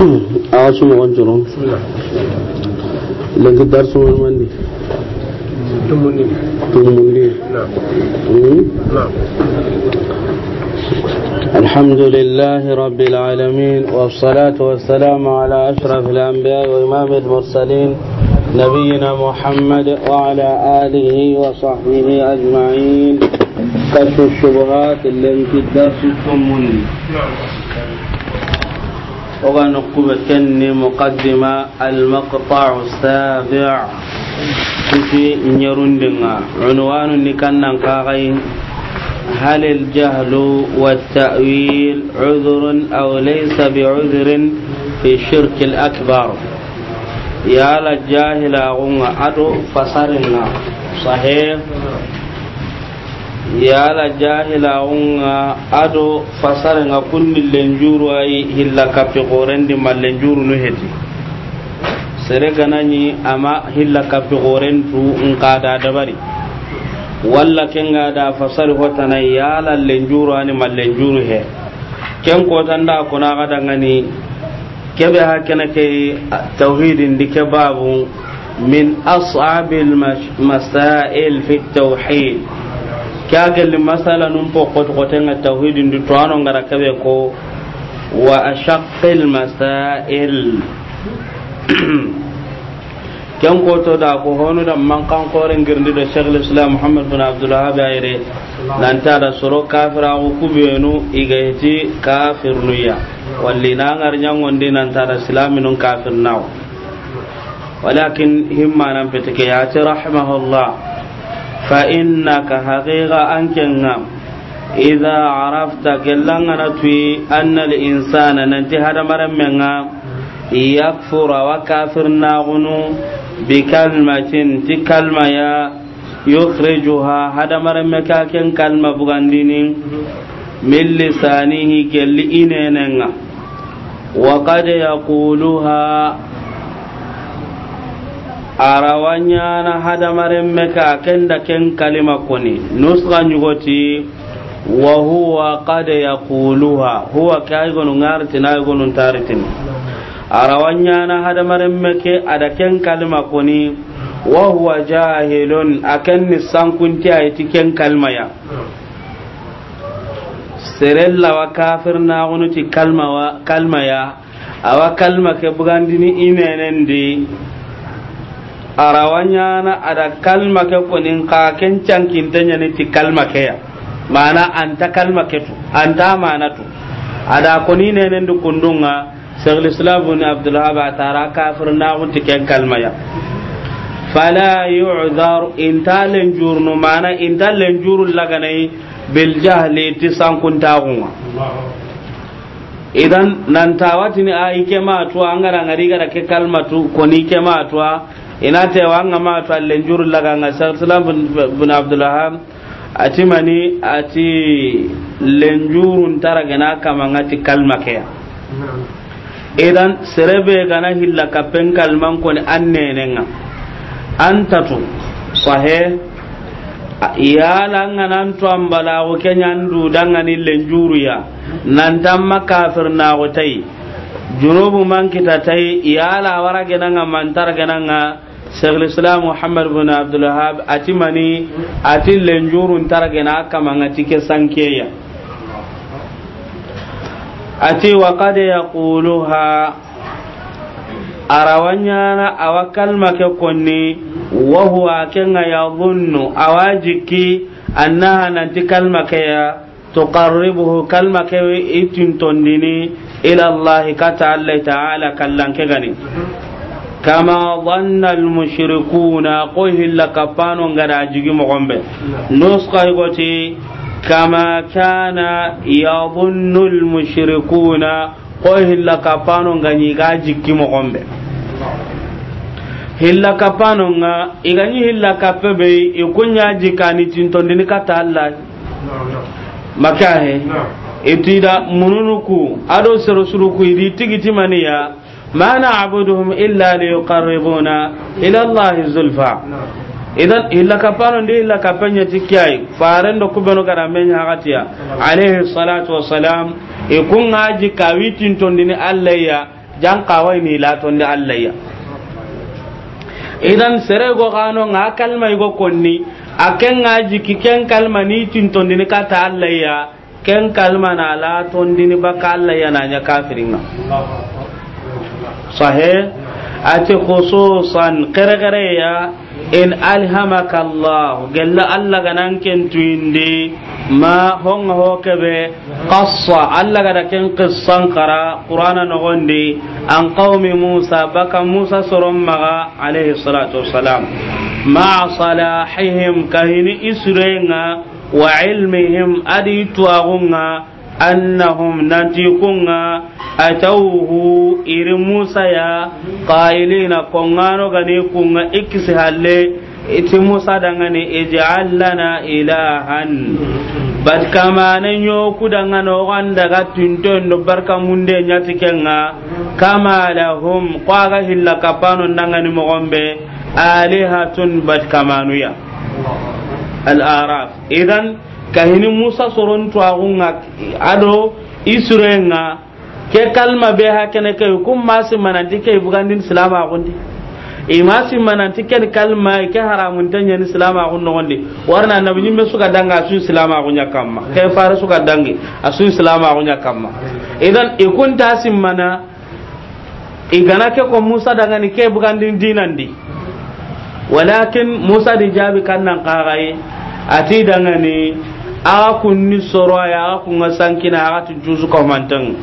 awasu ɲɔgɔn cɔrɔ lenki darisu man di نعم نعم الحمد لله رب العالمين والصلاة والسلام على أشرف الأنبياء وإمام المرسلين نبينا محمد وعلى آله وصحبه أجمعين كشف الشبهات التي في الدرس نعم وغن كني مقدمة المقطع السابع كتي نيرندنا عنوان نكنا كاغي هل الجهل والتأويل عذر أو ليس بعذر في الشرك الأكبر يا للجاهل أغنى أدو فصرنا صحيح yala jahila unga ado fasare nga kunni lenjuru ay hilla kappe gorendi malenjuru no heti sere ganani ama hilla kappe gorendu nka da dabari walla kenga da fasari hotana yala lenjuru ani malenjuru he ken ko tanda kona ga dangani kebe ha kenake tauhidin dike babu min as'abil masail fi tauhid kagelli masala nun po kotkotenga tawhidin du toano ngara kabe ko wa ashaqqil masail ken koto da ko honu da man kan kore ngirndi da Sheikh Islam Muhammad bin Abdul Wahhab ayre nan ta da soro kafira ko kubenu igaiti kafir nuya walli na ngar nyangonde nan ta da islamin kafir naw walakin himma nan peteke ya ta rahimahullah fa'inaa ka haqiqa ankeen ka isaarafa galaangaa na anna le'isaa nanatti haala m'ara mɛŋaa yaakufuura wakaafir naamunu bihi kalmaa kalma ya yukhrijuha ture juhu haala kalma bugaa njini mil gelli galii eena neenka. wakkaat arawanya na hadamaren meka kenda ken kalima kuni nusra nyugoti wa huwa qad yaquluha huwa kai gonu ngarti na gonu taritin arawanya na hadamaren meke ada ken kalima kuni wa huwa jahilun akan ni sankunti ayti ken kalma ya serella wa kafir na gonu ti kalma wa kalma ya awa kalma ke bugandini inenen di arawanya na ada kalma ke kunin ka ken cankin tanya ne ti kalma ke ya mana anta kalma ke tu anta mana tu ada kuni ne ne ndu kundunga shaykhul islam ibn abdul wahhab tara kafir na hun ti ken kalma ya fala yu'dhar talen jurnu mana talen jurul laganai bil jahli ti sankuntagunga idan nan tawatini a ike matuwa an gara ngari gara ke kalmatu koni ke matuwa ina yawa wanga ma to allen juru laga nga salam bin abdullah ati mani ati lenjuru ntara gana kama ngati kalma ke idan serebe gana hilla kapen kalman ko ni an antatu sahe yala nganan to ambala ko ndu danga ni lenjuru ya nan tamma kafir na ko tai junubu man kita tai yala wara gana nga mantar gana nga shaykhul islam muhammad bin abdul wahhab atimani atin lenjurun targena kama ngati ke sankeya ati wa qad yaquluha arawanyana awa kalma ke konni wa huwa kenga yadhunnu awajiki annaha nanti kalma ke ya tuqarribuhu kalma itin itintondini ila allah ta'ala kallan ke gani kama ظن المشركون ko hilla kapano ngara jigi mogombe nuska goti kama kana yadhunnu almushrikuna ko hilla kapano hilla kapano nga iganyi hilla kappe be ikunya jikani tintondini kata Allah makahe itida mununuku ado sero suruku idi ya. ما نعبدهم إلا ليقربونا إلى الله الزلفى idan illa kapano ndi illa kapanya tikiyai faran da kubeno kada menya hakatiya alaihi salatu wassalam e kun haji kawitin tondini allayya jan kawai ni la tondi allayya idan sere go gano nga kalma go konni aken haji kiken kalma ni tin tondini kata allayya ken kalma na la tondini baka allayya na nya kafiringa sahih ati khususan qirqare in alhamaka allah galla allah ganan ken tuinde ma hon ho kebe qassa allah gada ken qissan qara qur'ana no gonde an qaumi musa baka musa soron maga alayhi salatu wassalam ma salahihim kahini isrenga wa ilmihim adi tuagunga annahum nanti kunga atauhu iri musa ya qailina kongano gani kunga ikisi halle iti musa dangane ij'al lana ilahan bat kamane nyoku dangano wanda barka munde nyati kenga kama lahum qaga hilla kapano dangane mo gombe alihatun bat idan kahini musa soron twaxunga ado isurenga ke kalma be ha kene kay kum masi mananti ke bugandin silama e masi mananti ke kalma ke haramun tanya ni silama gundi no warna nabi nyimbe suka danga su silama gunya kamma ke fara suka dangi asu silama gunya kamma idan ikun tasim mana igana ke ko musa daga ni ke bugandin dinandi walakin musa di jabi kannan qarai ati daga ni a kunni soro ya a kunga sankina a gatin jusu kamantan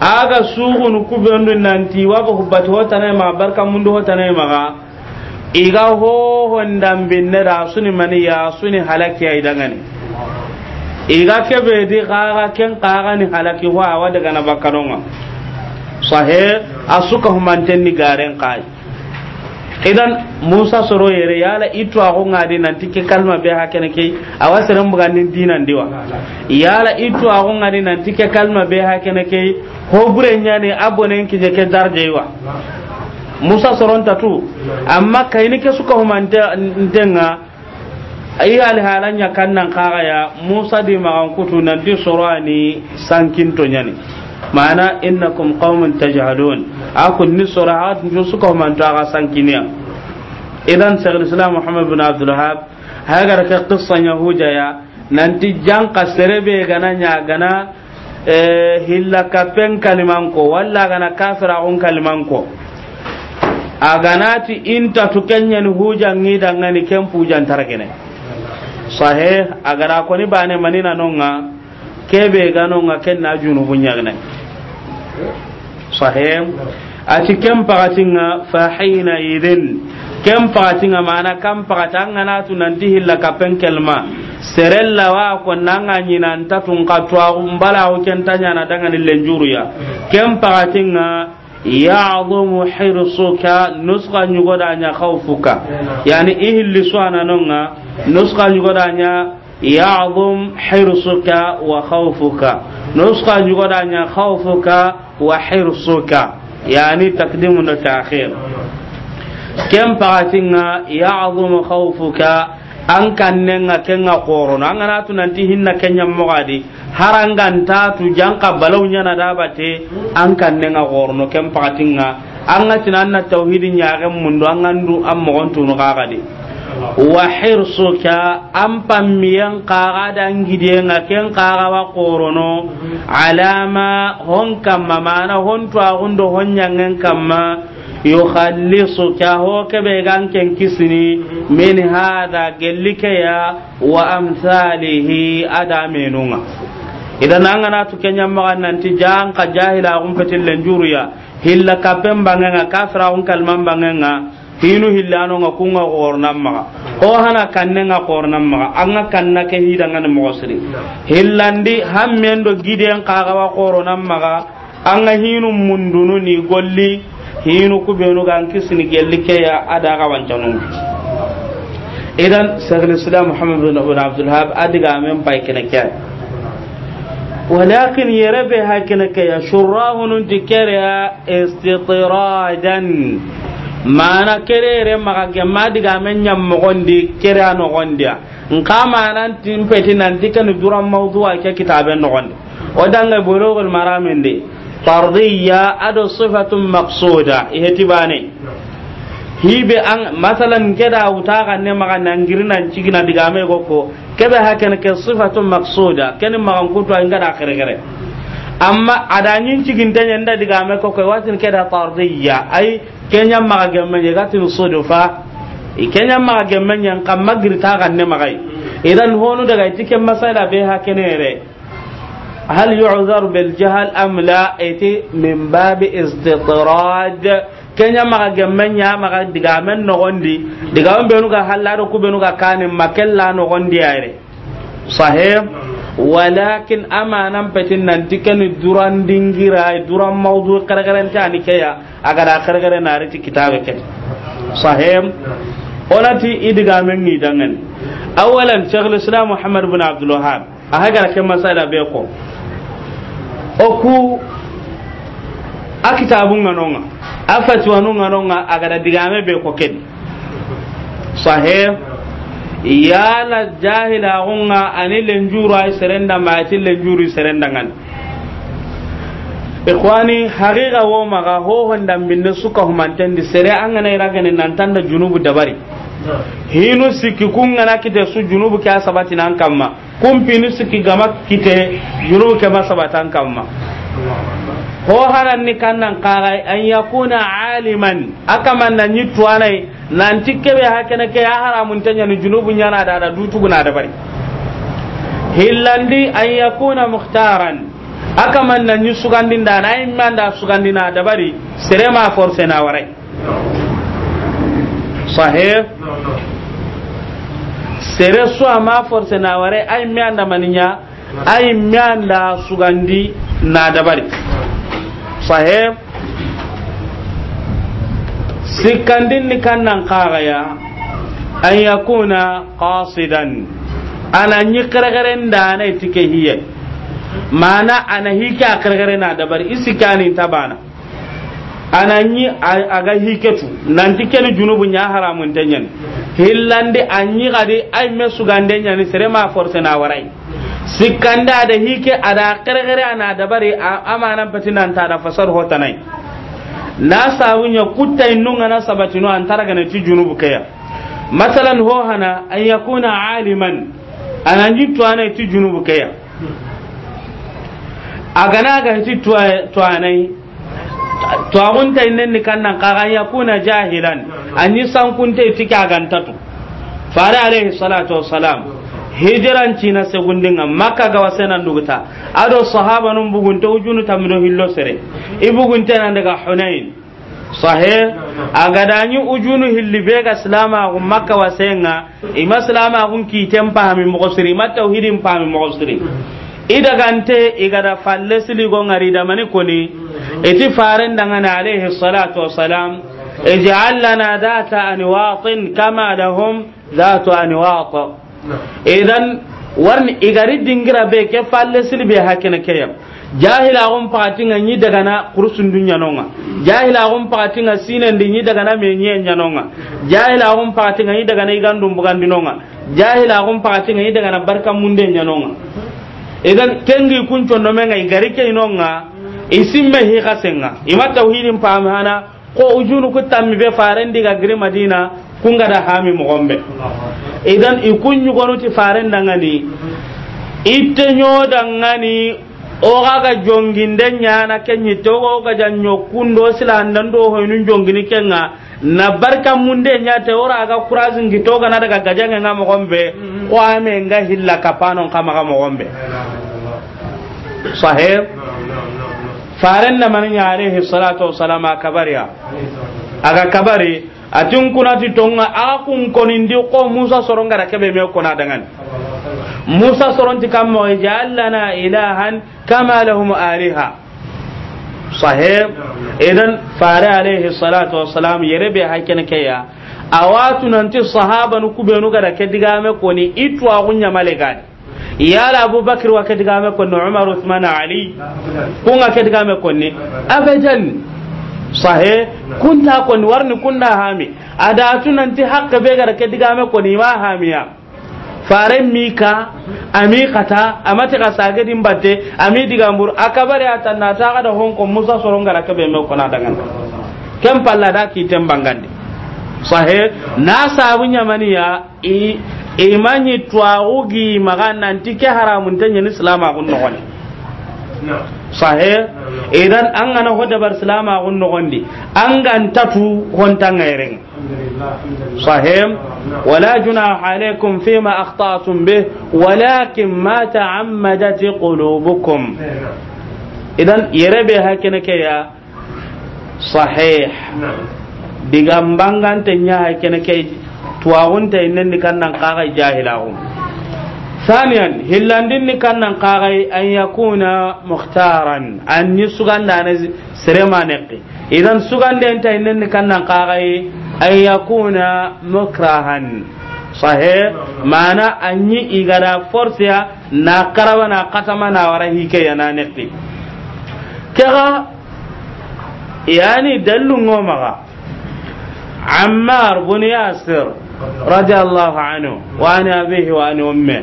aga sugun kubendu nanti waba hubbati hotanai ma barka mundu hotanai maga iga hohon dambinne da suni mani ya suni halaki ya idangani iga kebe di kaga ken kaga ni halaki wa wa daga na bakanonga sahe asuka humanten ni garen kai idan musa soro yere yala itu ako ngadi nanti ke kalma be hakene ke awasere mbugandin dinan diwa yala itu ako ngadi nanti ke kalma be hakene ke ho gure nyane abonen je ke darje wa musa soron tatu amma kayni ke suka humante ndenga ayi halanya kannan kaga ya musa di magan kutu nanti sorani sankinto nyane ma'ana innakum qaumun tajhalun akun ni surahat ju suka man to sankiniya idan sayyid islam muhammad bin abdul wahhab hagar ka qissa yahuja ya nanti jan serebe gana nya gana e, hilla pen kaliman ko walla gana kafira on kaliman ko aganati inta tu kenyen hujan ni dangani ken pujan tarkene sahih agara ko ni bane manina nonga kebe ganonga ken na junu bunyagne sahih ati kem pagatinga fa hina idin kem maana kan kam pagatanga na tunan hilla kapen kelma serella wa ko nanga nyinanta tun katwa umbala o kentanya na daga ni lenjuruya kem pagatinga ya'dhamu hirsuka nusqa nyugoda nya khawfuka yani ihilli suana nonga nusqa nyugoda nya ya'dham hirsuka wa khawfuka nusqa nyugoda nya khawfuka وحرصك يعني yani وتأخير na فاتنا يعظم خوفك an kannen ga ken ga korono an gana nanti hinna kenya mogadi harangan ta tu janka balau nyana dabate an kannen ga korono ken an ga tauhidin ya ga mundo an gandu an mogon no kagade wa hirsuka an pammiyen kaga dan gidenga ken kaga wa korono alama hon kamma mana hon to agundo hon nyangen kamma yukhallisuka ho kebe gan ken kisini min hada ya wa amsalihi adamenunga idan an gana tu kenya magan nanti jang ka jahila gun fetil hilla kapen bangenga kasra gun kalman bangenga hinu hillano nga kunga qornan maga ko hana kanne nga qornan maga anga kanna ke hidanga ne mosri hillandi hammen do giden kaga wa qornan maga anga hinu mundunu ni golli hinu kubenu ga kisni gelli ke ya ada ga wancanu idan sahal islam muhammad bin ibn abdul hab adiga men pai kene ke walakin yarabe hakina ke ya shurahunun tikariya istitiradan mana kerere maga ke madiga men nyam mo gondi kere ano gondi nka mana tin peti nan dikani duran wa ke kitabe no gondi o danga borogol maramende fardiyya ado sifatun maqsuda iheti bane hibe an masalan keda wuta kan ne maka nan girna cikina diga me gokko kebe hakan ke sifatun maqsuda kenin maka kutu an gada kere kere amma adanyin cikin ta yanda diga me ko ko watin ke da tardiya ai kenya ma gamen ya gatin sudufa kenya ma gamen yan kan magirta kan ne magai idan honu daga cikin masala be re hal yu'zar bil jahl am la ati min bab istitrad kenya ma gamen ya ma diga men no gondi diga men be nu ga halaro ku be ga kanin makella no gondi ya re sahih walakin amanan fatin nan tikani duran dingira duran mawdu kargaren ta ni kaya aga da kargaren na riti kitabe ket sahem onati idiga men ni dangan awalan shaykhul islam muhammad bin abdul wahhab a hagar kan masala be ko oku a nanonga afatu a nanonga aga da digame be ko ken sahem yala jahila gonga ani lenjuru ay serenda ma ati lenjuru serenda ngan ikhwani haqiqa wo maga ho honda minne suka di sere angana iragane nantanda junubu dabari hinu siki kun ngana kite su junubu ke sabati nan kamma kun pinu siki gama kite junubu ke sabatan kamma ko haran ni kannan kaga an yakuna aliman man nan yi tuwanai nan tikke be hakene ke ya haramun tanya ni junubun yana da da dutu guna da bari hillandi an yakuna mukhtaran man nan yi sugandin da na man da sugandina da bari sere ma force na warai sahih sere su ma force na warai ai mi anda maninya ai mi anda sugandi na da bari sahih sikandin ni kannan kagaya an yakuna qasidan ana nyi kargaren da na tike hiye mana ana hika kargare na bar isikani tabana ana nyi aga hike tu nan tike ni junubu nya haramun tanyan hillande anyi gade ay mesu gande nya ni sere ma forse na warai sikanda da hike ada karkare ana dabari amana batina ta da fasar hotanai na ya kutta nunga na sabatino antara gana ci junubu kaya masalan ho hana an yakuna aliman anan jittu ana ci junubu kaya agana ga ci tuanai tuagunta innen ni nan kaga ya yakuna jahilan an yi sankunta tiki gantatu fara alaihi salatu wassalam hijiran cina segundinga maka gawa senan duguta ado sahaba nun bugunta ujunu tamino hillo sere i bugunte nan daga hunain sahe agadani ujunu hilli be ga silama maka makka wasenga ima silama gun kiten pahami mogo siri ma tauhidin pahami mogo siri idagante igada falle siligo ngari damani koni iti faren dangana alaihi salatu wasalam اجعل لنا ذات انواط كما لهم ذات انواط idan warni igari dingira bee ke falle silbe hakene ke yam jahila gon pati nga nyi dagana na kursun dunya nonga jahila gon pati nga sinen di nyi daga na me nyi nya nonga jahila gon nga nyi daga nga nyi barka munde nya nonga idan kengi kuncho igari ke inonga isimme hi kasenga ima tauhidin pamana ko ujunu ku tammi be faren diga gire madina kun da hami mo idan ikun nyugonu ti faren dangani itte nyo ngani o ga jonginde nyana kenyi to o ga janyo kundo silandan do jongin jongini kenga na barka munde nya te ora ga kurazin gito ga na daga gajan nga mo gombe ko ame nga hilla kapano kama ga mo gombe sahib faren na man nyare salatu wassalam kabariya aga kabari atin ti tonga aga kun konindi ko musa sorongara kebe me kona dangan musa soronti kammo ja'alna ilahan kama lahum aliha sahib idan fare alaihi salatu wassalam yere be hakene keya awatu nanti sahaba nu kubenu gara kedigame koni itwa ya la abu abubakar wa me koni umar uthman ali kunga kedigame koni afajan sahe kunta koni warni kunna hami tunan nanti hakka be gara kedigame koni ma hamiya faren mika ami kata amati ka sage din batte ami mur akabare atanna ta da hon ko musa soron gara be me kona dangan kem palla da ki tembangande sahe na sabu nyamaniya i imani twa ugi magana ke haramun tanya ni salama kun sahe idan an gana hoda bar salama gun gondi an gan tatu honta ngairen sahe wala juna alaikum ma akhtatum bih walakin ma ta'ammadat qulubukum idan yarabe hakina ke ya sahih diga mbangante nya hakina ke tuwaunta nan ni kannan kaga jahilahum ثانيا هلاندين كان نقاغي أن يكون مختارا أن يسوغان دانا سرما نقي إذا سوغان دين تاين كان نقاغي أن يكون مكرها صحيح معنى أن يغدا فرسيا ناقرا ونا قتما ناورا هيكي ينا نقي كغا يعني دلو نومغا عمار بن ياسر رضي الله عنه وعن أبيه وعن أمه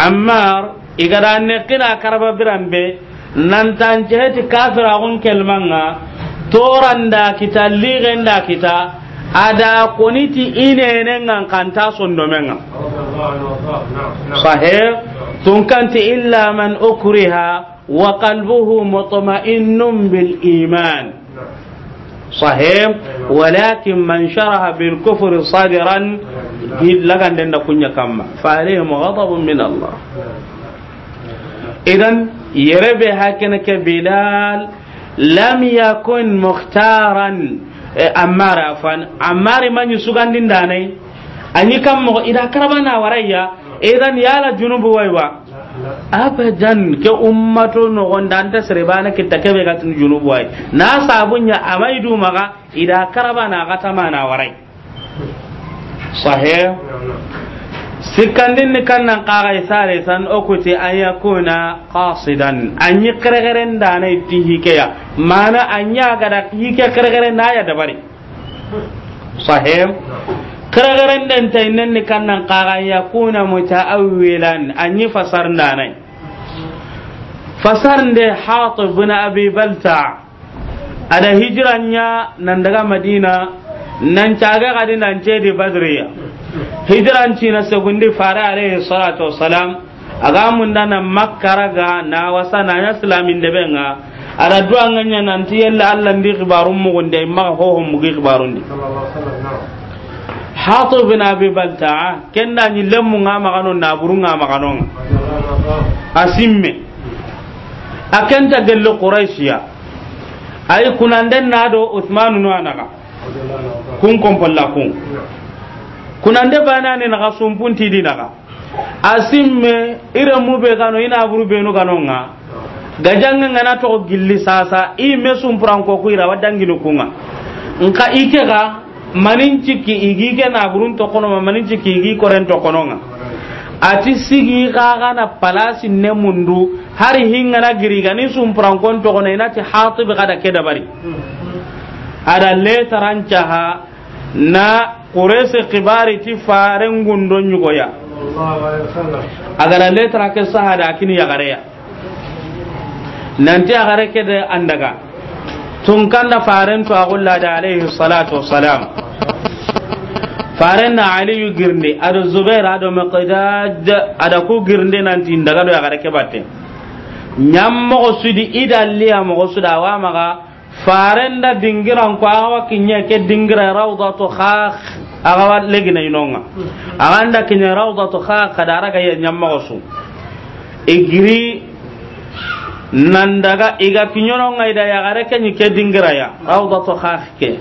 عمار إذا نقنا كرب برنبي nantan jeheti kafira gun kelmanga toranda kita ligenda kita ada koniti inene ngan kanta sondomenga sahih tunkanti illa man ukriha wa qalbuhu mutma'innun bil iman صحيح ولكن من شرح بالكفر صادرا لغن دن كنيا كما فعليهم غضب من الله إذن يربي هكذا بلال لم يكن مختارا ammar afan ammar man yusugandin danai anyi kam mo ida karabana warayya idan yala junubu waiwa abadan ke ummato no junubu na sabunya amaidu ida karabana warai sahih sikandin kannan kaga isare okuti an yakuna qasidan an itti mana an ya gada hike kirkiren Kararren dan ta nan ni kan nan kaga ya kuna muta'awwilan an yi fasar da nai fasar da hatib bin abi balta ada hijranya nan daga madina nan caga kadi nan ce di badriya hijran ci na segundi fara alaihi salatu wassalam aga mun dana makkaraga na wasa na islamin da benga da duwan nganya nan ti yalla Allah ndi khibarun mu gonde ma ho ho mu khibarun di hatu bin abi balta kenda ni lemu nga magano na buru nga magano asimme ta gelle quraishiya ay kunanden na do usmanu no anaka kun kompolla kun kunande bana ne naga sumpunti dinaga asimme ire be kanu ina buru benu kanu nga nga na to gilli sasa i mesum pranko kuira wadanginu kunga nka ga manin ciki igi ke naburun to ma manin ciki igi koren kono nga ati sigi na palasi ne mundu hari giri hingana to kono ina inati hatib kada ke dabari ada ha na qurese qibari ti faren gundo ya agar le ke sahada gare ya nanti agare ke de andaga tun kanda faren to agulla da alaihi salatu wassalam faren na aliyu girnde da zubair ado maqdad da ku nan nanti daga da yagare ke batte nyam mo sudi idalli am mo suda wa maga faren da dingiran ko awa kinya ke dingira rawdatu khakh aga wa legina inonga aga nda kinya rawdatu khakh kadara yi nyam mo su igri nandaga iga pinyono ngai da gare ke nyike dingira ya rawda to khakke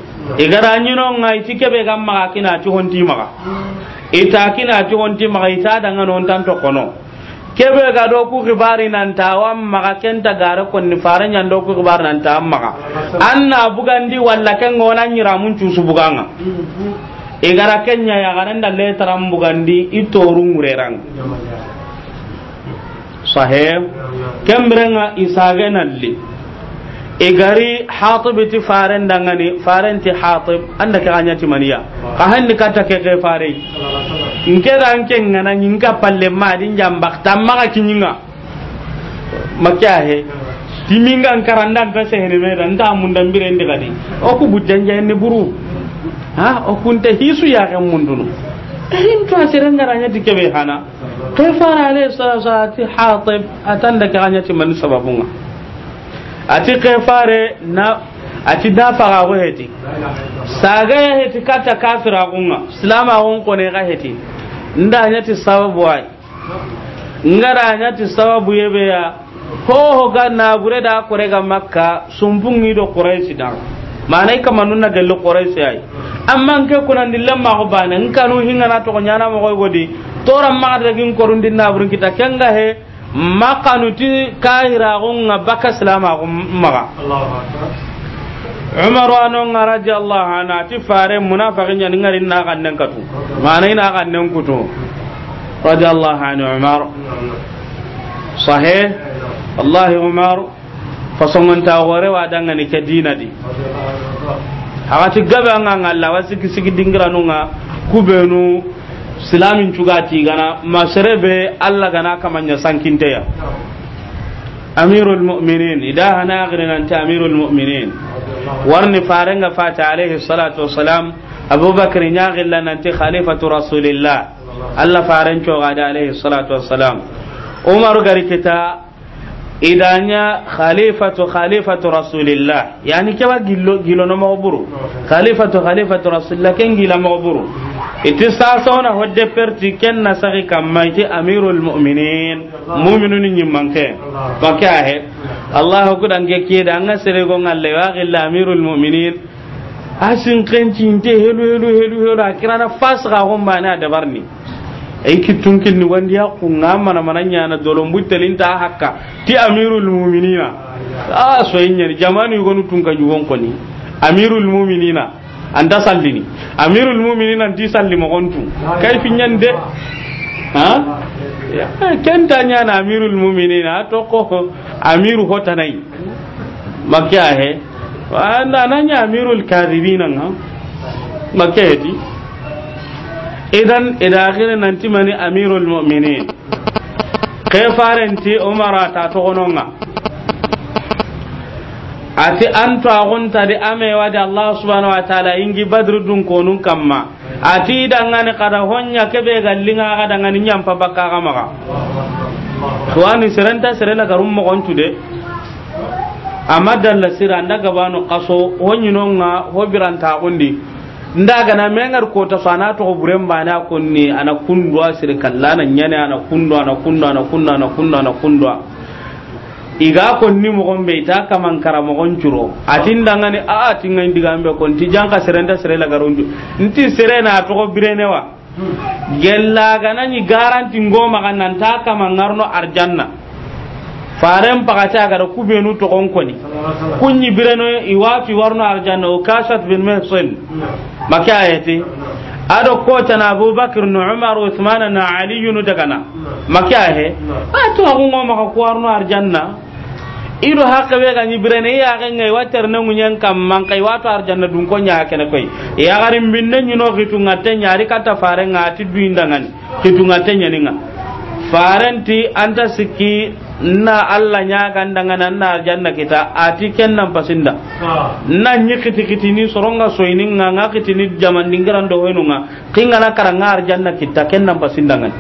ra nyino ngai tike be gam maga kina ti honti maga ita kina ti honti maga ita da ngano tan to kono kebe ga do ku khibari nan tawa maga kenta gare kon ni fara nyan do ku khibar nan ta maga anna bugandi walla ken ngona nyira mun cusu buganga igara kenya ya garanda le taram bugandi rerang sahih kemrenga isage nalli igari e hatib ti faren dangani faren ti hatib anda ka anya ti maniya ka hanni kata ke ke fare nke da nke ngana nyinga palle ma din jambak tamma ka kinyinga makya he timinga nkaranda ta sehne me dan ta mun dan bire ndi kadi o ku bujjanja ni buru ha o kunte hisu ya kan munduno hin to asere ngaranya ti kebe hana fara alayhi salatu wasallam ati hatib atan da ganya ti man sababunga ati fare na ati da fara go heti saga ya heti kata kafira kunga islama kun ko ne ga heti nda nya ti sababu ai ngara nya ti sababu yebe ya ko ho ga na bure da kore ga makka sumbungi do quraishi da manai kama nuna gelo quraishi ai amma nke kunan dilamma ko bana nkanu hinga na to nyana mo ko di toran maga dagin na burin kita kenga he makanuti kahiragunga baka silamagu maga umar anonga radiallahu ana ti fare munafaki ñani ngarin na kannen katu mana ina kannen kutu radiallahu an umar sahe Allah umar ta gore wa dangani ke dina di hakati gabe anga ngalla wasikisigi dingiranunga kubenu silamin cugati gana masere be allah gana ta ya amirul mu'minin ida hana ta amirul mu'minin warni ga fata alaihi salatu wassalam abubakar nan ta khalifatu rasulillah allah cewa da alaihi salatu wassalam umaru garikita idanya khalifatu khalifatu rasulillah yani keba gilo gilo no maburu khalifatu khalifatu rasulillah ken gila maburu itu sasa ona hodde perti ken nasari sagi kamma iti amirul mu'minin mu'minun ni manke baka he allah ko dan ke ke dan asere go ngalle wa gilla amirul mu'minin asin kenti inte helu helu helu helu akirana fasga homba na dabarni ay tunkil ni wandi ya ku ngamma na mananya na dolon butelin ta hakka ti amirul mu'minina a ah, so yinya jamani gonu tun ka jugon koni amirul mu'minina anda sallini amirul mu'minina ti salli mo gontu kai finyan de ha kenta nya na amirul mu'minina to ko amiru nai makya he anda nanya amirul kadhibina nga makya he idan ti mani amirul muminin ke ti umara ta togononga ati an ame amewadi allah subhanahu wa taala ingi badru dun konun kamma ati dangane kada honya kebe gallingaxa dangani ñampa ka maxa tuwani serenta serela garum moxontude amma dalla sira anda gabanu kaso honyinonga hobiranta xundi ndaga na mengar ko ta fana to buren bana kunni ana kundwa sir kallana nyana ana kundwa ana kundwa ana kundwa ana kundwa ana kundwa iga konni mogon be ta kaman kara mogon curo atin ni a atin ngai digambe kon ti janka serenta sere la garonju nti sere na to ko birene wa hmm. gella ganani garanti ngoma kan nan ta kaman ngarno arjanna faren pakati a gara kubenu kunyi bireno iwatu warno arjanna o kashat bin ayati ado na abubakar umar usman na ali yunu daga na ba to ngo maka warno arjanna ido haka be ganyi birene ya ga ngai watar na munyan kam man kai wato arjanna dun ko nya ya garin nyino gitu ngate nyari kata ngati gitu ngate anta siki na Allah nya ganda ngana na janna kita ati kennan pasinda na nyi kiti kiti ni soronga soini nga nga kiti ni jaman dingaran do hoyno nga kinga na karanga janna kita kennan pasinda ngan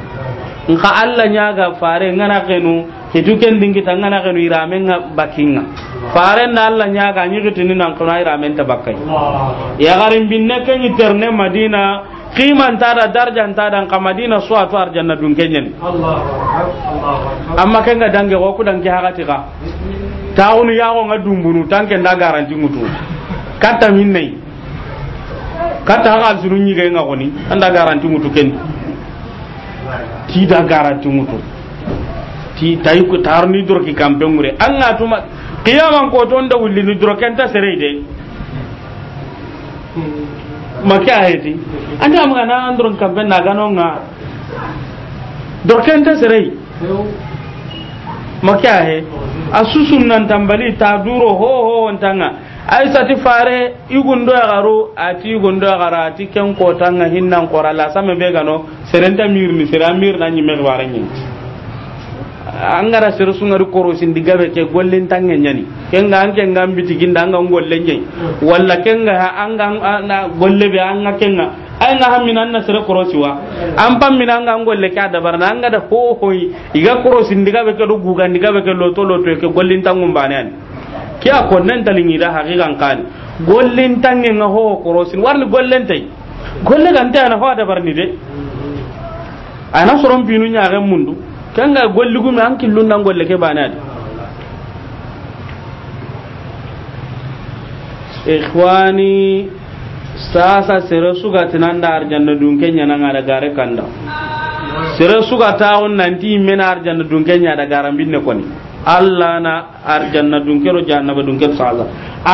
nka Allah nya ga fare ngana kenu kitu ken dingita ngana kenu irame nga bakinga fare na Allah nya ga nyi kiti ni nan kuna irame ta bakkai ya garin binne ken iterne madina qiman da darjan tada ka madina suwa to arjanna dun kenyen amma kenga dange ko kudan ki hakati ka taunu yawo nga dumbunu tanke nda garanti mutu kata minnai kata haka sunu nyiga nga koni anda garanti mutu ken ti da garanti mutu ti tayi ko tarni dorki kambe ngure anga tuma qiyaman ko ton da wulli ni dorken ta sere de hmm. maki a heti anda am gana andron kampen na gano nga dorken ta sirei maki a he a nan tambali ta duro ho ho ntanga ai sati fare igun do ya garo ati igun do ya garo ati ken ko tanga hinnan korala same be gano serenta mirni seramir nan yimme warenyi angara sir sungari korosin diga be ke gollen tangen nyani kenga anke ngam bitigin da nga gollen nyen walla an anga na golle be anga kenga ay na hammin na sir korosi wa an pam min anga golle ka da barna nga da ho hoy iga korosin diga be ke do guga diga be ke loto loto ke gollen tangum banan kiya ko nan talingi da haqiqan kan gollen tangen ho korosin warli gollen tay golle ganta na ho da barni de ana soron binu nyaare mundu kanga golli gumi an killun nan golle ke bana banadi ikhwani sasa sere suga da arjanna dun kenya nan ada gare kanda sere suga taun nanti men arjanna dun kenya ada garambin ne koni alla na arjanna dun kero janna dun kero sala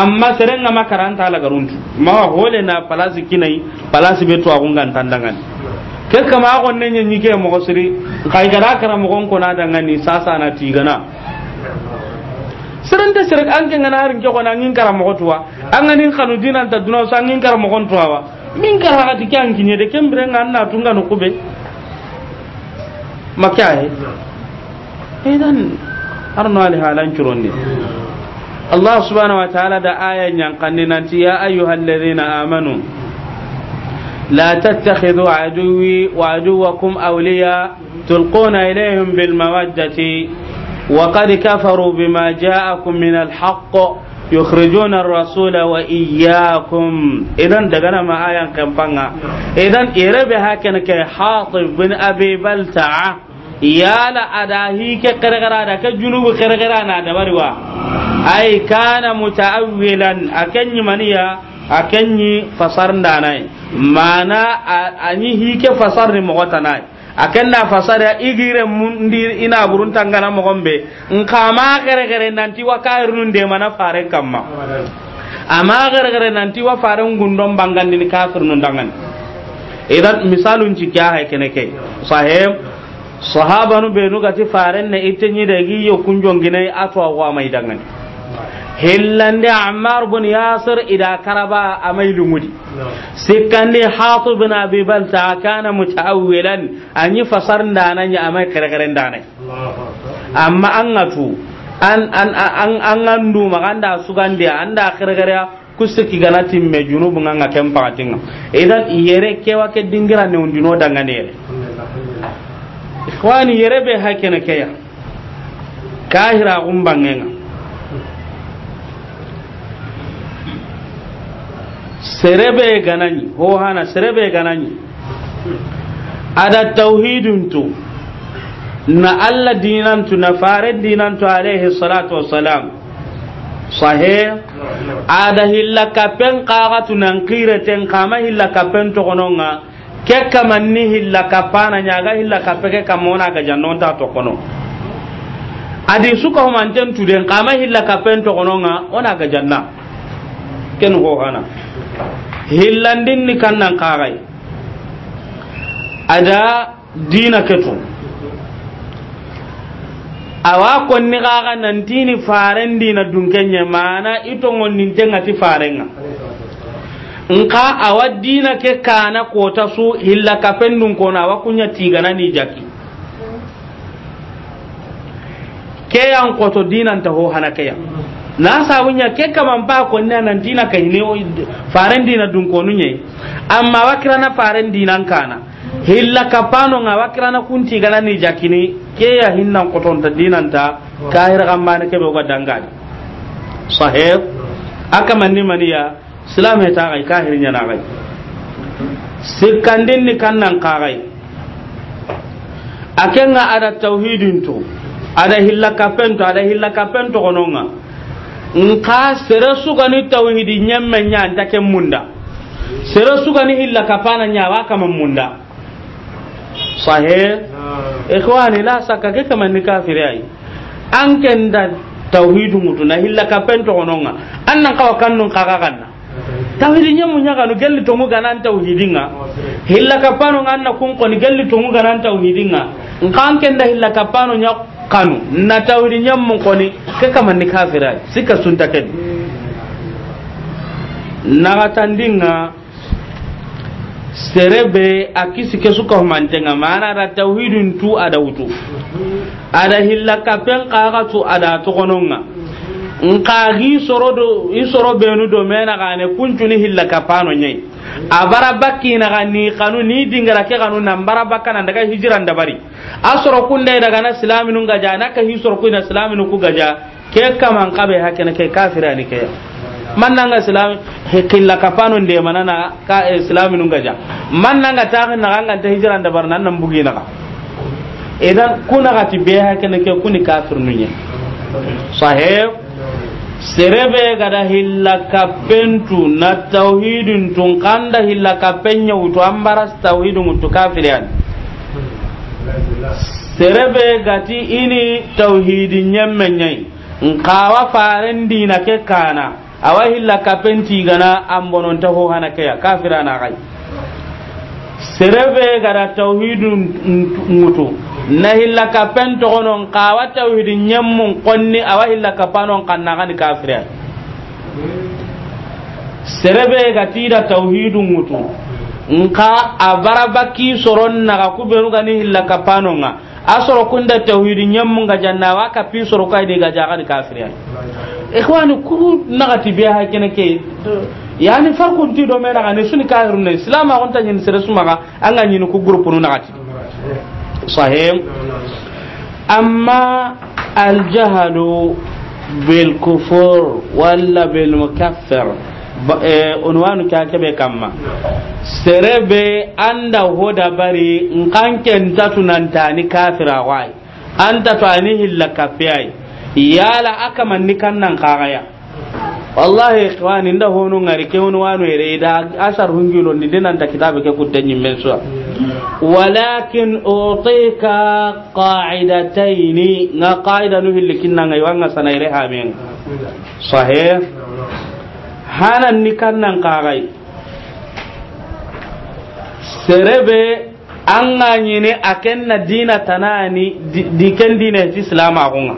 amma sere ngama karanta la garuntu ma hole na palasi kinai palasi betu agungan tandangan ke kama ko nen nyi ke mo siri kai gara kara mo ko na da ngani sasa na tigana sirin da sirik an kin ganarin harin ke kona ngin kara mo gotuwa an ngani kanu dinan ta duna sa ngin kara mo gon tuwa min kara ti kan kinye de bre ngan na tunga eh, no kube makyaye idan arno ali halan curonde Allah subhanahu wa ta'ala da ayan yankanni nanti ya ayyuhal amanu لا تتخذوا عدوي وعدوكم أولياء تلقون إليهم بالمودة وقد كفروا بما جاءكم من الحق يخرجون الرسول وإياكم إذن دقنا ما آية كمبانا إذن إربي هكذا كحاطب بن أبي بلتعة يالا أداهيك كرغرانا كجنوب كرغرانا دبروا أي كان متأولا أكن منيا a kenyi fasar da nai mana anyi hike fasar ni mogota nai akan na fasar ya igire mundi ina burun tangana mogombe nkama gare gare nanti wa kairun de mana fare kamma amma gare gare nanti wa fare gundon bangandi ni kafir nun dangan idan misalun ci kya hay kene kai sahib sahabanu benu gati faren ne itenyi da gi yo kunjon gine atwa wa mai hillan da ammar bin yasir ida karaba a amai lumudi sikandi hatu bin abi balta kana muta'awwilan yi fasar danan ya amai karkaren danan amma an ngatu an an an an andu maganda da anda karkare kusiki gana timme junubu an ngakem pakatinga idan yere kewa ke dingira ne undino danganere ikhwani yere be hakene keya kahira gumbangenga serebe ganani ho hana serebe ganani ada tauhidun tu na alla dinan tu na fare dinan tu alaihi salatu wassalam sahe ada hilla kapen qagatu nan ten kama hilla kapen to gononga ke kamanni hilla kapana nyaga hilla kapeke kamona ga jannonta to kono adi suka ho humanten den kama hilla kapen to gononga ona ga janna ken ho hana hillandin ni kannan kagai ada dina ketu awa konni kaga nan tini faren dina dunkenya mana ito ngonnin tenga ti farenga nka awa dina ke kana kota su hilla kafen kona tigana ni jaki ke yan koto dinan ta ho hana ke na sabunya ke kaman ba ko na nan dina kan ne faran dina dun ko nunye amma wakira na faran dinan kana hilla pano nga wakira na kunti gana ni jakini ke ya hinnan koton ta dinan ta kahira kan ma ne ke ga danga sahib aka manni maniya islam ta kai kahirnya na kai sikandin ni nan ka kai akenga ada tauhidin to ada hilla ka pento ada hilla ka pento kononga nka sere sugani tawhidi nyemme nya anta ken munda sere sugani hilla kafana nya wa kama munda sahih ikhwani la saka ke kama ni kafiri ai an ken da tawhidu mutu na hilla kapen to ononga annan kawa kannun kaga kanna tawhidi nyemu nya kanu gelli to muga nan tawhidinga hilla kapano nganna kun ko ni gelli to muga nan tawhidinga nkan ken da hilla kapano nya kanu na tauri nyam mun koni ke kaman ni kafira sika sunta ke na tandinga serebe akisi ke suka mantenga mana da tauhidun tu ada wutu ada hillaka pen kaga tu ada to kononga nka gi i soro benu do mena kane kuncuni hillaka pano nyai a bara bakki na ga ni kanu ni dingara ke kanu na bara bakka na daga hijiran da bari asoro dai daga na islamin ga ja na ka hisoro kun na islamin ku ga ja ke kaman kabe hake na ke kafira ni ke man nan ga islami killa fanu de manana ka islamin ga ja man nan ga ta na ga ta hijiran da bar nan nan bugi na ka. idan kuna ga ti be hake na ke kuni kafir nunya sahib serebe gada hilla kapentu na tauhidin tun kanda hilla kappen ya wuto an baras tauhidin wuto kafiriyan serebe gati ini tauhidin yammen yai nkawa farin dina ke kana awa hilla kapenti tigana an bononta ho hana keya kafira na kai serebe gada tauhidin wuto na hilla ka pen togonon ka wa tawhidi nyammun konni awa hilla ka panon kan na kan kafira serebe ga tida tauhidun mutu nka a barabaki soron naga kubenu gani hilla ka panonga a asoro kunda tauhidi nyammun ga janna wa ka pi soro kai de ga jaga ni kafira ikhwani ku naga tibe ha kene ke yani farkun ti do mena ga ne suni kafirun ne islam ma gonta nyin sere sumaga anga nyin ku grupu nu naga ti صحيح أما الجهل بالكفر ولا بالمكفر unwanu kya kebe kamma serebe anda hoda bari nkanke ntatu nantani kafira wai anta to ani hilla kafiyai yala aka manni kannan kagaya wallahi ikhwani nda hono ngari ke hono wanu ere da asar hungilo ni dinan da kitabe ke kudde nyi mensua walakin utika qa'idataini na qa'ida nu hillikin nan ayi wanga sanaire hamen sahih hanan ni nan kagai serebe an ga nyine aken na dina tanani ken dina islam akunga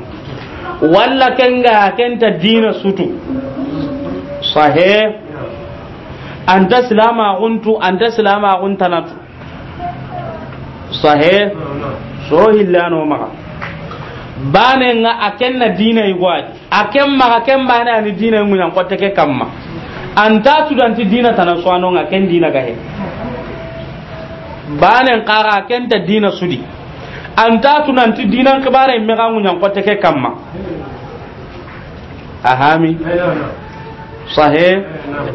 walla kenga aken ta dina sutu an anta silama untu anta silama untanatu sahe so hillano maka bane nga na dina igwaj aken maka ken bane ani dina ngunya kote ke kamma anta tu danti dina tana swano nga ken dina gahe bane qara ken ta dina sudi anta tu nanti dina kibare me ga ngunya kote ke kamma ahami sahe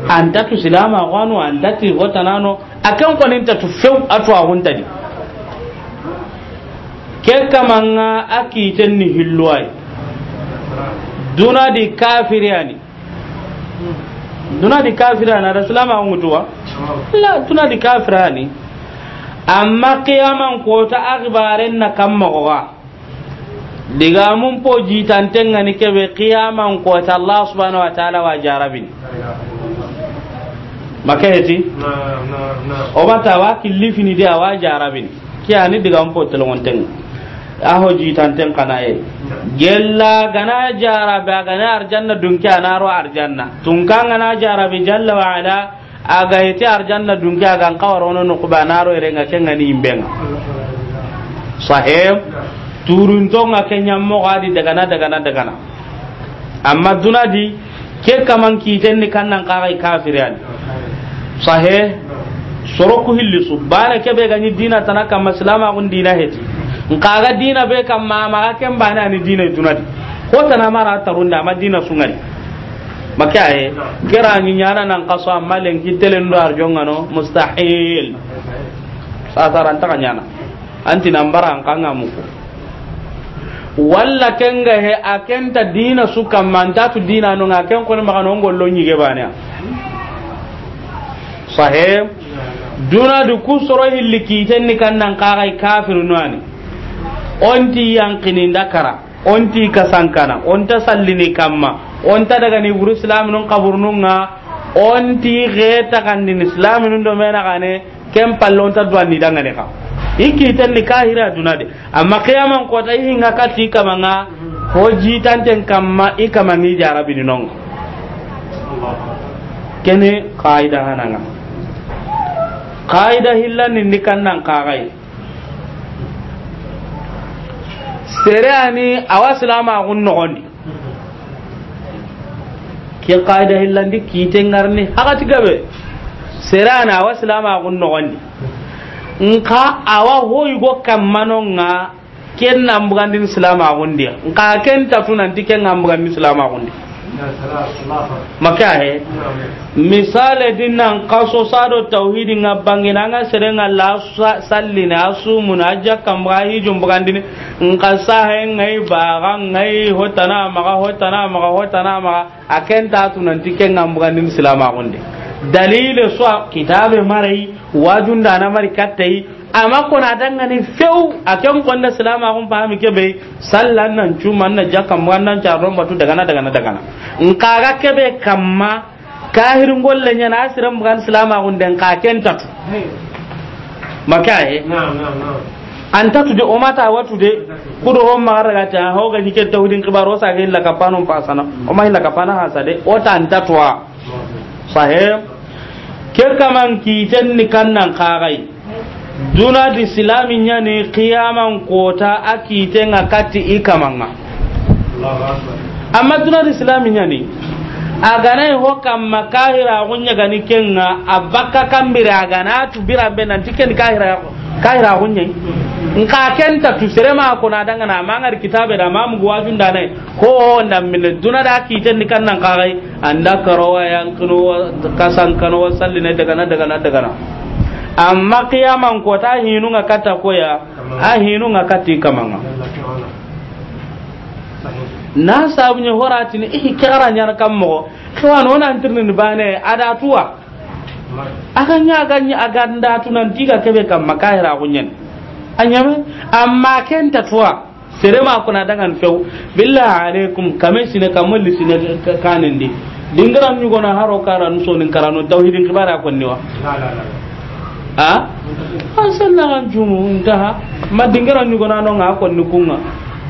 ta tu silama gwanu anta nano a kan kwanin ta tu a tuwa hunta ne ke kamanga ni tenni yi duna di kafiriya ne duna di kafiri na da silama mutuwa la duna di kafiri ne amma kiyaman ko ta agbaren na kamma diga mun po jitanten ngani kebe qiyaman ko ta Allah subhanahu wa ta'ala wa jarabin maka heti o bata wa kilifini de wa jarabin kiyani diga mun po telonten aho jitanten kana e gella gana jarabe gana arjanna dunki anaro arjanna tunkanga na jarabi jalla wa ala aga heti arjanna dunki aga kawaro no nukubana ro erenga kenga ni imbenga sahib turuntonga ke ñammoxo adi dagana dagana dagana amma dunadi ke kaman kitenni kannan kaxay kafiri ani sahe soroku hillisu bana kebe gani dina tana kamma silamaxun dina heti nkaga dina be kamma maga ken bane ani dina dunadi ko tana mara tarunda madina sungari maka make aye ni nyana nan kaso amma lenki telen do arjongano mustahil sasarantaxa ñana antinan anti an angka muku walla kenga he akenta dina su kamanta tu dina no ngaken ko ma kan ngollo nyige bana sahe duna du kusro hilliki tenni kan nan kagai kafir nuani onti yankini ndakara onti kasankana onta sallini kamma onta daga ni buru islam non kaburnunga onti geta kan ni islam non do mena kane kem pallonta duani dangane ka ikitan ni kahira dunade amma kiyaman kota ihinga kati kamanga hoji tanten kamma ikamangi jarabini nongo kene kaida hananga kaida hillani ni kannan kagai sere ani awa silama gun nogondi ke kaida hillandi kiten ngarni hakati gabe sere ani awa silama gun nogondi nka awa hoyugo kammanonga ken nambugandin silamaxundia nka ken tatunanti ken nambugandi silamaxundi maka he misale dinnan kaso sado tauhidi nga bangina anga serenga la salline asumuna aja kamra hijum bugandine nka sahe ngai baga ngai hotana maga hotana maga hotana maga akenta tunanti kenga bugandine silama gonde dalile so kitabe marai wajun da na mari kattai amma ko na dangane feu akan kwanda salama kun fahimi ke bai sallan nan cuman na jakan wannan jaron batu daga na daga na daga na in kaga ke bai kamma kahirin gollen yana asirin bukan salama kun den kaken tatu makaye an tatu de umata mata watu de kudo hon ma ga ta ho ga nike hudin kibaro sa ga illa kafanun fasana o illa kafana hasa de o ta an tuwa sahib ken kaman kiten ni kannan kagai duna di silamin ya ne kiyaman kota a kiten a kati i kamanga amma duna di silamin ya ne a ganai ho kamma kahira gunya gani kenga abakka kambira gana tu bira benan tiken kahira kahira gunya nka kenta tu serema ko na daga na mangar kitabe da mamu go wajun da nai ko na min duna da ki tan kan nan ka gai anda karawa yan kuno kasan kano wasalli ne daga na daga na daga na amma qiyaman ko ta hinu nga kata koya a hinu nga kati kamanga na horati ne ihi kara nyar kam mo an wona antirni bane ada tuwa akan nya ganya aganda tunan tiga kebe kam makahira kunyen anyame amma kenta tuwa ma kuna dangan few billahi alaikum kame sine kamolli sine kanindi dingaran gona haro kara nuso nin no tauhidin kibara konni wa a an salla kan jumu ntaha ma dingaran gona no nga ko kunga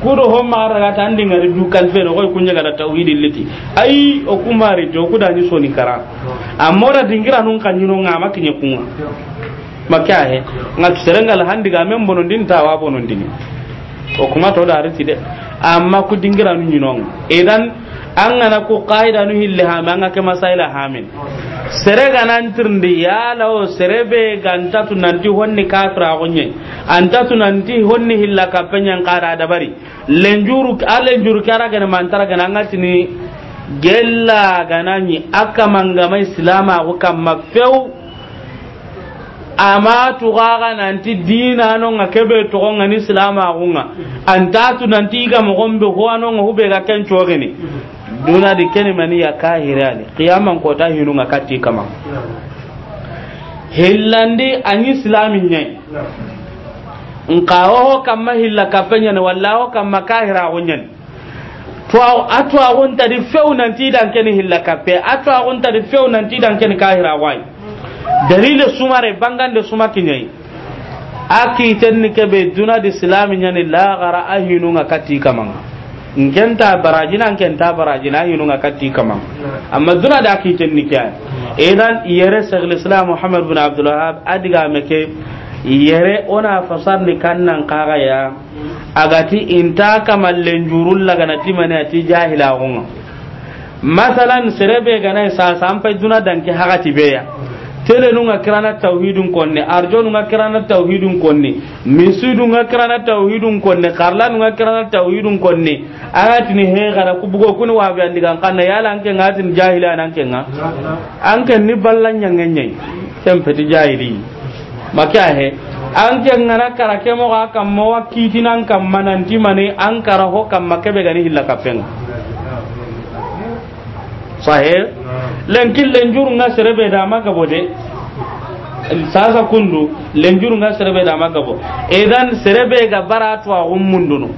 kudo ho mara ga tan dingari du kalfe no koy kunya ga tauhidin liti ai o kumare to kudani ni soni kara amora dingira nun kan nyuno nga kinya kunwa makya he ngal alhandi ga men ndin ta wa bonondin o kuma to da arti de amma ku dingira nu nyinong idan an ana ku qaida nu hille ha man ke masaila hamin sere nan tirndi ya lawo serebe ganta tunanti honni kafira gonye anta tunanti honni hilla kapenyan qara dabari lenjuru lenjuru kara gana mantara gana ngatini gella ganani aka mangama islama ku kam few ama tugaga nanti dina no nga kebe togo nga ni silama gunga antatu nanti ga mo gombe ho ano nga hube ga ken chogeni duna di kene mani ya kahira ali qiyaman ko ta hinu nga kati kama hillandi anyi silami nyai nkawo ho kamma hilla kapenya ne wallaho kamma kahira gunyen to atwa gunta di few nanti dan kene hilla kape atwa gunta di few nanti dan kene kahira wai dalile sumare bangande suma kinyai aki tenni be duna di silami nyani la gara ahinu nga kati kamanga nkenta barajina ngenta barajina ahinu nga kati kamanga amma duna da aki tenni kya idan yere sagal islam muhammad bin abdullah adiga meke yere ona fasar ni kannan kaga ya agati inta kamallen jurul laga na timani ati jahila gonga masalan serebe ganai sa sampai duna danke hagati beya tele nunga kirana tauhidun konne arjo nunga kirana tauhidun konne misudu nunga kirana tauhidun konne karla nunga kirana tauhidun konne agati ni he gara kubugo kuni wa bi andiga kanna yala anke ngati ni jahila anke nga anke ni ballanya ngenye kempeti jahili maka he anke ngara kara mo ga mo wa kitinan kammananti mane ankara ho kamma kebe gani hilla kapenga sahe hmm. lenkin lenjuru nga serebe da magabo de sasa kundu lenjuru nga serebe da magabo idan serebe ga bara to mundunu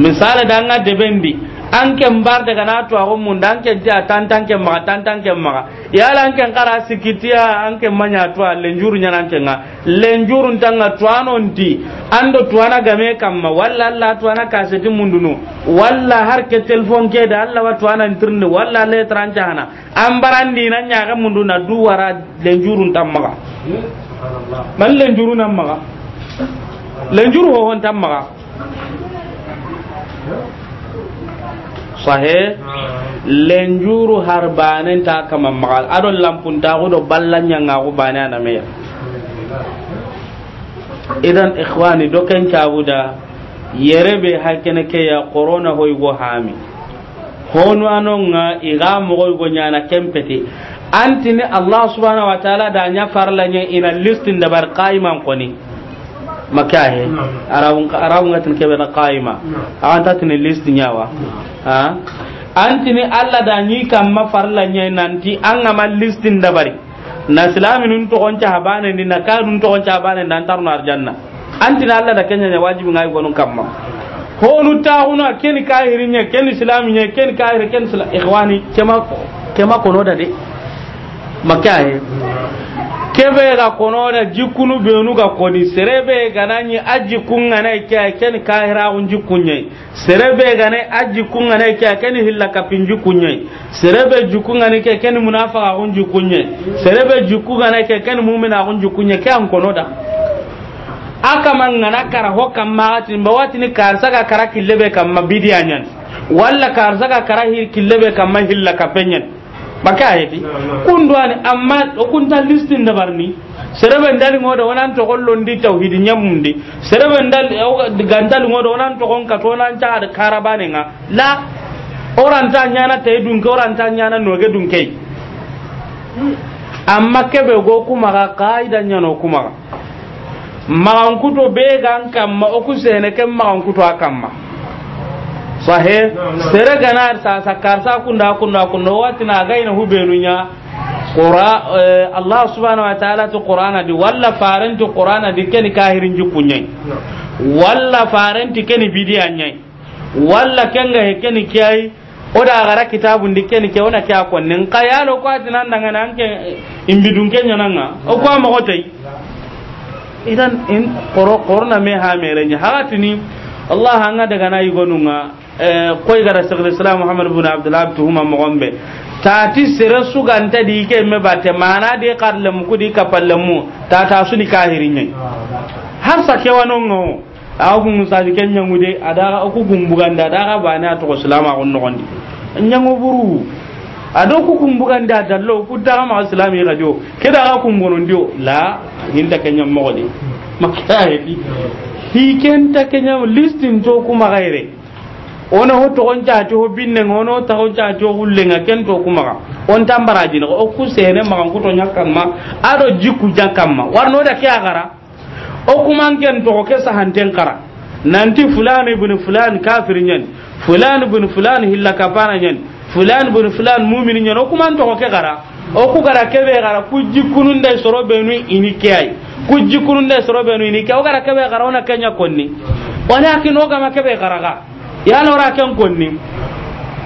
misali da nga debendi an mbar daga na to agon mun dan ji ta tan tan ken ma tan tan ken ma ya lan ken kara sikitiya an manya to le njuru nya nan ken le njuru juru to ti ando to ana game kam ma walla alla to ana kaseti mundunu walla har ke telefon ke da alla wa to ana ntirne walla le tranja hana an barandi nan nya ga munduna duwara le njuru tan ma man len juru nan ho sahe ah. lenjuru har banen ta kama magal adon lampun ta do ballanya ngaku bana na me idan ikhwani doken yere be hakene ke ya corona hoy go hami honu anonga iga mo go nyana kempeti antini allah subhanahu wa ta'ala da nya farlanya ina listin da bar qaiman qoni makahe arabun arabun atin ke na qaima an ta tin list nyawa ha antini alla da ni kam ma farla nyai nanti an ma listin bari na nun to onca habane ni na kadun to onca habane nan tarno arjanna antina alla da kenya wajibi ngai gonun kamma honu taxuna ken kahiriñe ken islamiñe ken kahiri ken ikhwani kema kema kono da de makahe kebe ga konona jikunu benu ga koni serebe ga nanyi aji kunga na ke ken kahira un jikunye serebe ga ne aji kunga na ke ken hilla pin jikunye serebe jikunga ne ke ken munafaqa un jikunye serebe jikunga na ke ken mu'mina un jikunye ke an konoda aka man ngana kara ho kam ati mbawati ni karsa ga kara killebe kam anyan walla karsa ga kara hir killebe kam ka penyen baka ayeti kun ne amma kun ta listin da barni sereben dali ngoda wonan to gollon di tauhid nyamundi sereben dali gantal ngoda wonan to gon ka to nan ta karabane nga la oran ta nyana tay dun ko oran ta nyana no ge dun kei amma ke be go kuma ga kaida nyano kuma ma magankuto be gan kamma okusene kem magankuto akamma sahe sere gana sa sakar sa kunda kunda kunda wati na ga ina hubenu nya qura eh, allah subhanahu wa ta'ala tu qur'ana di walla faran tu qur'ana di ken kahirin jukunya walla faran ti ken bidiyanya walla ken ga ken kiyai oda gara kitabun di ken ke ona kya konnin qayalo ko atinan daga nan ke eh, imbidun ken nyananga o ko ma ko tai idan in qur'ana me ha mere nya hatini allah hanga daga na yugonunga eh, koy gara shekh islam muhammad ibn abdullah tuhuma mogombe tati di ke me mana de ku di su ni har sa ken ada ku ga bana to islam a gonno gondi nyangu buru ado ku kumbuganda dallo ku daga ma islam yi radio ke hiken ta kenya listin to kuma gaire ona ho to gonja to ho binne ono ta gonja to hullenga ken to kuma ga on tambara jina o ku sene ma ko to nyakkan ma ado jikku jakkan ma warno da ke agara o kuma ken to ke sahanten kara nanti fulan ibn fulan kafir nyen fulan ibn fulan hilla kapana nyen fulan ibn fulan mu'min nyen o kuma to ke gara o ku gara kebe gara ku jikunun da soro benu ini kai ku jikunun da soro benu ini kai o gara kebe gara ona kenya konni walakin o gama kebe gara ga ya lora ken konni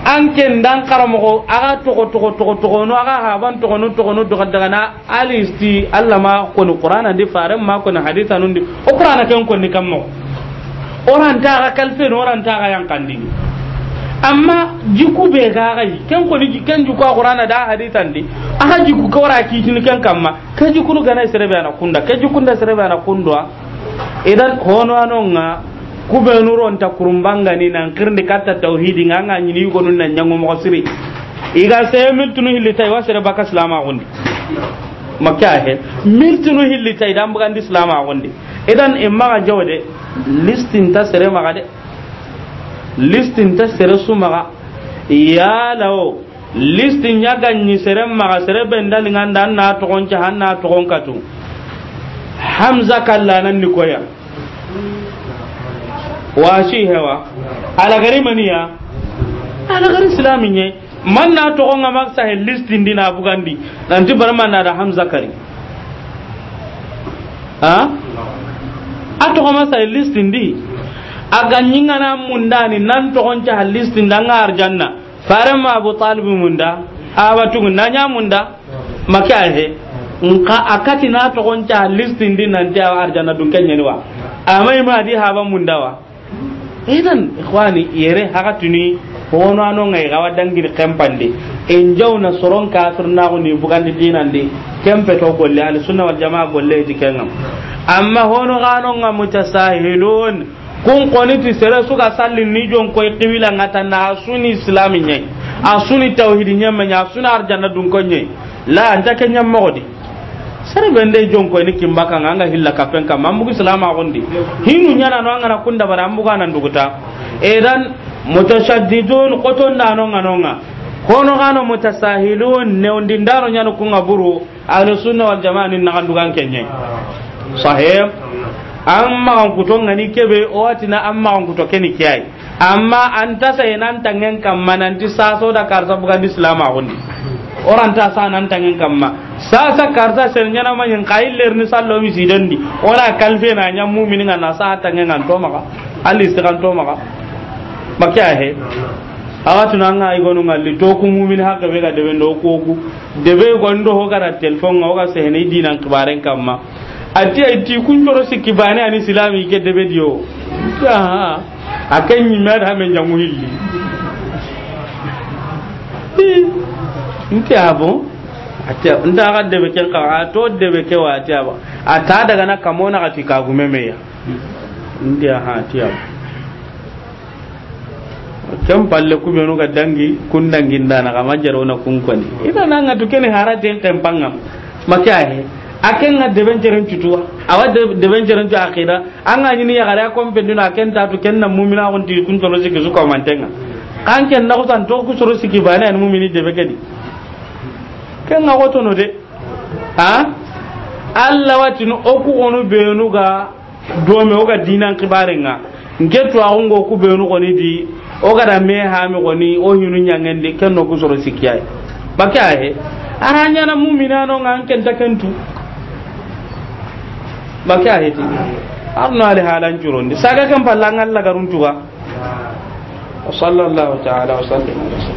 an ken dan karamogo aga togo togo togo togo no aga haban togo no togo no doga daga na alisti Allah ma ko ni qur'ana di faran ma ko ni haditha nun di o qur'ana ken konni kammo oran ta ga kalfe no oran ta ga yan kandigi amma jiku be ga kai ken ko ni ken ju ko qur'ana da haditan di aha jiku ko ra ki tin ken kamma ke jiku nu gana sere be na kunda ke jiku nda sere be na kundwa idan hono anon nga kube nuron ta kurumbanga ni nan kirni katta tauhidi nga nga nyini ko nun nan nyango mo sire iga se miltunu hilli tay wa sere baka salama gundi makka he miltunu hilli tay dam gandi salama gundi idan imma ga jode listin ta sere ma ga de listin ta sere su maga lawo listin ya ganyi sere maga sere ben dalingan da na togon ci han na togon katu hamza kalla nan ni koya wa shi hewa alagari maniya alagari islamin ne man na togon ga maksa he listin dina bugandi nan ti man na da hamza kari ha a togon masa listin di aga nyingana mundani nan to onca halisti ndanga arjanna farama abu talib munda aba tungu nanya munda maka he nka akati na to onca halisti di nan awa arjanna dun kanyani wa amai ma di haba munda wa idan ikhwani yere hakatuni hono ano ngai gawa dangir kempande en jawna soron kafir na ko ni bugandi dinande kempe to golle al sunna wal jamaa golle dikengam amma hono gano ngam mutasahilun kun koniti sere suka sallin ni jon koy qibila ngata na suni islami nye a suni tauhidi nye me nya suni arjanna dun ko nye la anta ke nya mogodi sere bende jon koy ni kimbaka nganga hilla ka pen mambu islama gondi hinu nya na no na kunda bara mambu kana nduguta edan mutashaddidun qoton da no nganonga kono gano mutasahilun ne kunga buru ahlus sunna wal jamaa ni kenye sahib an magan kuto ngani kebe o wati watina an magan kuto keni kiyai amma an ta sai e nan tangen kamma nan ti saso da karza bugan islama gundi oran ta sa nan tangen kamma sasa karza ser nyana ma yin kailer ni sallo mi sidandi ora kalfe na nyam mu'minin na sa tangen an to maka ali siran to maka makya he awa tuna nga ay gonu ngalli to ku mu'min hakka be ga be ndo ko ku de be gondo ho gara telefon ga o ga dinan kibaren ma ati ay ti kun joro sikki bani ani silami ke debe diyo aha akay ni mer ha men jamu hilli nti abo ati nda ga debe ken ka to debe ke wa ati ata daga na kamona ka tika gumeme ya nti aha ati abo ken palle ku menu ga dangi kun dangi ndana ka majaro na kun kwani ina na ngatu ken haraten kan pangam makahe akan ga deben jeren cutuwa awa deben jeren tu akida an ga ni ya gara kon pendu na ken tatu ken na mumina kun ti kun tolo siki zuko mantenga kan ken na kusan to kusuru siki bana en mumini debe kedi ken ga goto no de ha Allah watin oku onu benu ga dome oga dinan nga ngetu a ngo ku benu koni di oga da me ha mi goni o hinu nyangendi ken no kusuru sikiyai bakya he aranya na mumina no an ken kentu a heti arna ali halan curondi saga kan palla Allah garun tuwa sallallahu ta'ala wa sallam